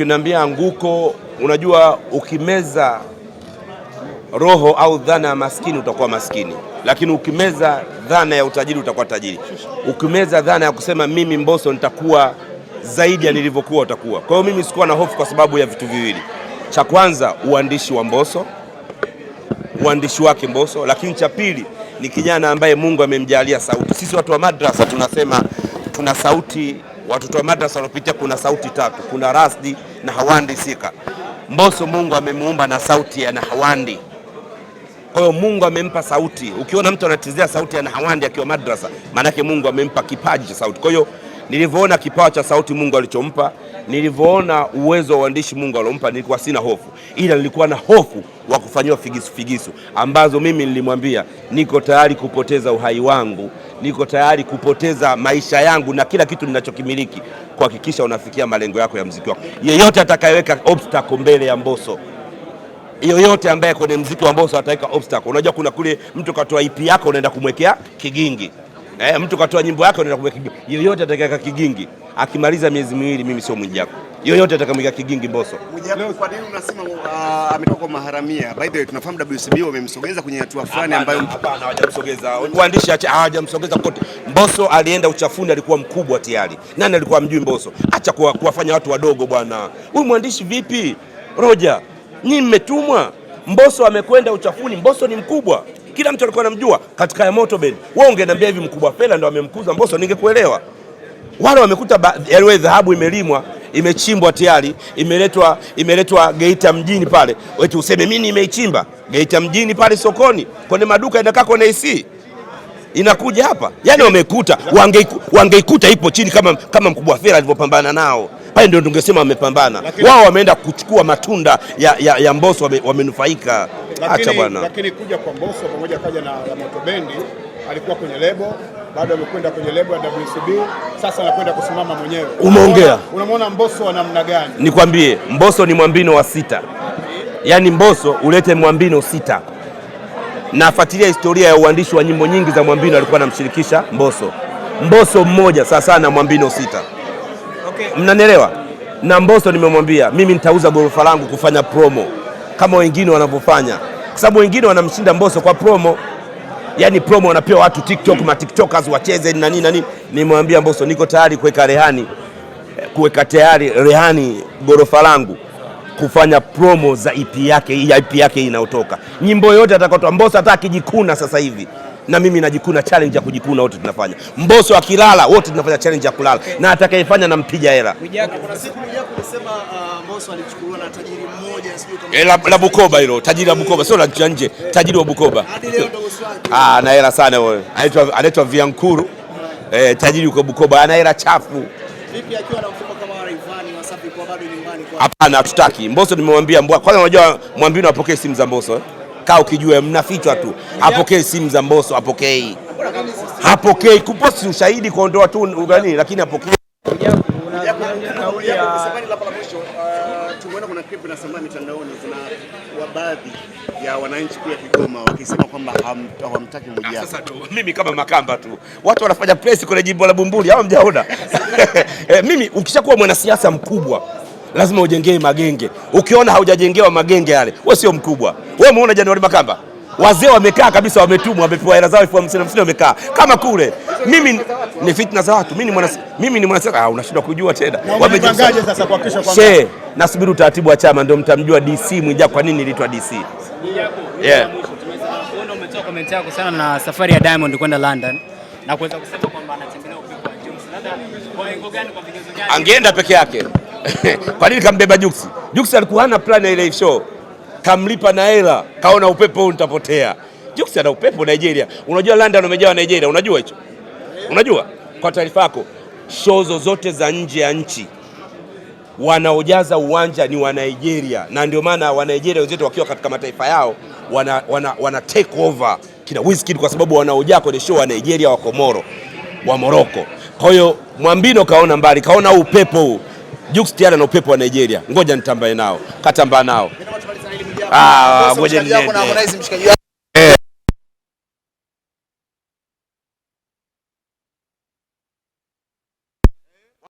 ukiniambia anguko, unajua ukimeza roho au dhana ya maskini utakuwa maskini, lakini ukimeza dhana ya utajiri utakuwa tajiri. Ukimeza dhana ya kusema mimi Mbosso nitakuwa zaidi ya nilivyokuwa utakuwa. Kwa hiyo mimi sikuwa na hofu kwa sababu ya vitu viwili, cha kwanza uandishi wa Mbosso, uandishi wake Mbosso, lakini cha pili ni kijana ambaye Mungu amemjalia sauti. Sisi watu wa madrasa tunasema tuna sauti watoto wa madrasa wanapitia, kuna sauti tatu, kuna rasdi na hawandi sika. mboso Mungu amemuumba na sauti ya nahawandi. Kwa hiyo Mungu amempa sauti. Ukiona mtu anachezea sauti ya nahawandi akiwa madrasa, maanake Mungu amempa kipaji cha sauti. Kwa hiyo nilivyoona kipawa cha sauti Mungu alichompa nilivyoona uwezo wa uandishi Mungu alompa, nilikuwa sina hofu, ila nilikuwa na hofu wa kufanyiwa figisu figisu, ambazo mimi nilimwambia niko tayari kupoteza uhai wangu, niko tayari kupoteza maisha yangu na kila kitu ninachokimiliki kuhakikisha unafikia malengo yako ya mziki wako. Yeyote atakayeweka obstacle mbele ya Mbosso yoyote ambaye kwenye mziki wa Mbosso ataweka obstacle. Unajua kuna kule mtu katoa ipi e yako unaenda kumwekea kigingi eh, mtu katoa nyimbo yako unaenda kumwekea kigingi. Yoyote atakayeweka kigingi akimaliza miezi miwili, mimi sio Mwijaku yoyote atakamwika kigingi Mboso. Mwijaku kwa nini unasema uh, ametoka maharamia? By the way, tunafahamu WCB wamemsogeza kwenye hatua fulani ambayo hapana, hawajamsogeza waandishi, hawajamsogeza kote. Mboso alienda uchafuni, alikuwa mkubwa tayari. Nani alikuwa amjui mboso Acha kuwafanya watu wadogo bwana. Huyu mwandishi vipi? Roja, nyinyi mmetumwa. mboso amekwenda uchafuni. mboso ni mkubwa kila mtu alikuwa anamjua katika ya moto bend. Wewe ungeniambia hivi mkubwa Fela ndo amemkuza mboso ningekuelewa wale wamekuta yale yaani dhahabu imelimwa imechimbwa tayari, imeletwa imeletwa Geita mjini pale, eti useme mimi nimeichimba Geita mjini pale sokoni, kwenye maduka inakaa kwenye AC inakuja hapa, yani wamekuta, wangeikuta ipo chini kama, kama mkubwa fera alivyopambana nao pale, ndio tungesema wamepambana wao. Wameenda kuchukua matunda ya, ya, ya Mbosso wamenufaika. Acha bwana, lakini kuja kwa Mbosso pamoja kaja na Moto Bendi alikuwa kwenye lebo bado amekwenda kwenye lebo ya WCB, sasa anakwenda kusimama mwenyewe. Umeongea, unamwona Mboso wa namna gani? Nikwambie, mboso ni mwambino wa sita, yaani mboso ulete mwambino sita. Nafuatilia historia ya uandishi wa nyimbo nyingi za mwambino, alikuwa anamshirikisha mboso mboso mmoja sasa na mwambino sita, okay. Mnanielewa? Na mboso nimemwambia mimi nitauza gorofa langu kufanya promo kama wengine wanavyofanya, kwa sababu wengine wanamshinda mboso kwa promo yani promo wanapewa watu TikTok, ma TikTokers wacheze nani nani. Nimwambia Mbosso, niko tayari kuweka rehani, kuweka tayari rehani gorofa langu kufanya promo za EP yake, hii EP yake inayotoka, nyimbo yote atakotoa Mbosso, hata akijikuna sasa hivi na mimi najikuna challenge ya kujikuna, wote tunafanya. Mboso akilala, wote tunafanya challenge ya kulala okay. na atakayefanya nampiga hela uh, eh, la Bukoba hilo, tajiri la Bukoba, sio la nje, tajiri wa Bukoba ah, ana hela sana wewe, anaitwa anaitwa Viankuru eh, tajiri uko Bukoba, ana hela chafu. Hapana, hatutaki Mboso. Nimemwambia kwanza, unajua mwambino apokee simu za Mboso eh? kaa ukijua mnafichwa tu, apokee simu za Mbosso, apokei hapokei kuposti ushahidi kuondoa tu ugani, lakini apokei uh, tumeona kuna clip inasambaa mitandaoni, zina baadhi ya wananchi kule Kigoma wakisema kwamba hawamtaki ah, Mwijaku. Sasa tu mimi kama Makamba tu, watu wanafanya press kwenye jimbo la Bumbuli, awa mjaona? E, eh, mimi ukishakuwa mwanasiasa mkubwa lazima ujengee magenge. Ukiona haujajengewa magenge yale, wewe sio mkubwa. Wewe umeona Januari Makamba, wazee wamekaa kabisa, wametumwa, wamepewa hela zao elfu hamsini hamsini, wamekaa kama kule. Mimi ni fitna za watu, mimi ni mwanasiasa. Ah, Unashindwa kujua tena, nasubiri utaratibu wa chama, ndio mtamjua DC Mwijaku kwa nini iliitwa DC. Yeah. Umetoa komenti yako sana na safari ya Diamond kwenda London na kuweza kusema kwamba anatembelea angeenda peke yake. Kwa nini kambeba Juksi? Juksi alikuwa hana plan ya ile show kamlipa na hela, kaona upepo huu nitapotea. Jukes ana upepo Nigeria. Unajua London umejaa Nigeria, unajua hicho? Unajua? Kwa taarifa yako, show zozote za nje ya nchi wanaojaza uwanja ni wa Nigeria, na ndio maana wa Nigeria wenzetu wakiwa katika mataifa yao wana, wana, wana take over kina Wizkid kwa sababu wanaojaa kwenye show wa Nigeria, wa Komoro, wa Morocco. Kwa hiyo Mwambino kaona mbali, kaona upepo huu. Jukes tiara na upepo wa Nigeria, ngoja nitambae nao, katamba nao ah, ngoja nende.